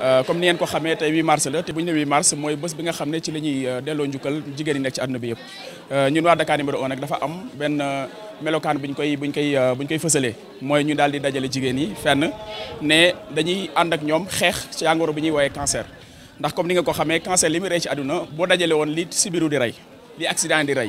Euh, comme ni ngeen ko xamé tay 8 mars la té buñu né 8 mars moy bëss bi nga xamné ci lañuy délo euh, delloo jigéen yi nek ci aduna bi yépp euh ñun wa Dakar numéro 1 nak dafa am ben euh, melokan buñ koy buñ koy buñ koy fësalee moy ñu daldi dajalé jigéen yi fenn né dañuy and ak ñom xex ci jàngoro bi ñuy cancer ndax comme ni nga ko xamé cancer limi muy ci aduna bo dajalé won li sibiru di ray li accident di ray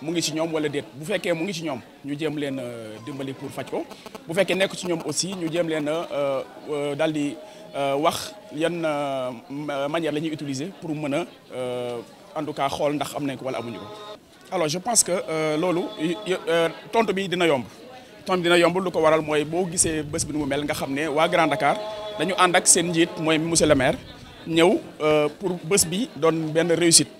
mungi ci ñom wala qui bu fekke mungi ci ñom ñu jëm leen euh, dimbali pour faj bu fekke nek ci ñom aussi ñu jëm leen a euh, euh, daldi manière la utiliser pour nous a en tout cas xol ndax wala alors je pense que lolu tontu bi dina yomb tontu dina yomb lu waral moy bo gisé bëss bi nu mel nga ne Grand Dakar dañu ak seen monsieur le maire euh pour bi réussite.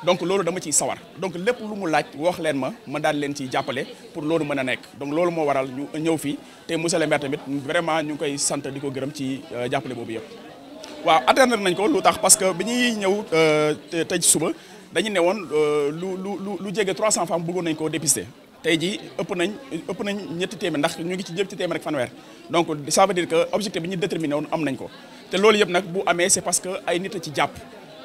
donc lolu dama que sawar donc lepp lu mu laaj wax len ma ma dal len pour lolu meuna nek donc lolu mo waral ñu ñew fi té monsieur mbé vraiment ñu koy gërëm ci euh, parce que biñuy ñew euh, suba dañu néwon euh, lu lu lu 300 femmes bëggoon nañ dépister. tay ji ëpp nañ ëpp nañ ñetti donc ça veut dire que objectif est déterminé am nañ ko té bu c'est parce que ay nit ci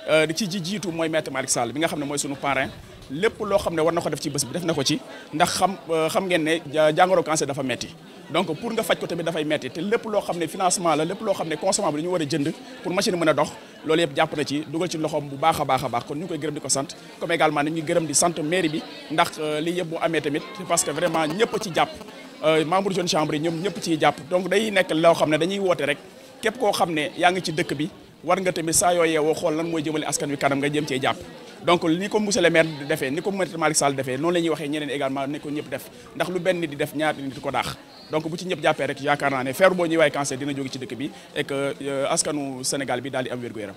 Euh, di ci ji jiitu mooy maître Malick Sall bi nga xam ne mooy sunu parrain lépp loo xam ne war na ko def ci bés bi def na ko ci ndax xam euh, xam ngeen ne jàngoro cancer dafa metti donc pour nga faj ko tamit dafay metti te lépp loo xam ne financement la lépp loo xam ne consommable dañu war a jënd pour machine mën a dox loolu yëpp jàpp na ci dugal ci loxoom bu baax a koy gërëm ko sant comme également ni sant mairie bi ndax euh, lii yëpp amee tamit parce que vraiment ñëpp ci jàpp membre jeune chambre yi ñoom ñëpp ci jàpp donc day nekk loo xam ne dañuy woote rek képp koo xam ne yaa ngi ci dëkk bi war nga tamit saa yoo yeewoo xool lan mooy jëmale askan wi kanam nga jëm cee jàpp donc ni ko monsieur le defee ni ko maître Malick Sall defee noonu la ñuy waxee ñeneen également ni ko ñëpp def ndax lu benn di def ñaar nit ko daax donc bu ci ñëpp jàppee rek yaakaar naa ne feer boo ñuy waay cancer dina jóge ci dëkk bi et que euh, askanu Sénégal bi daal di am wér gu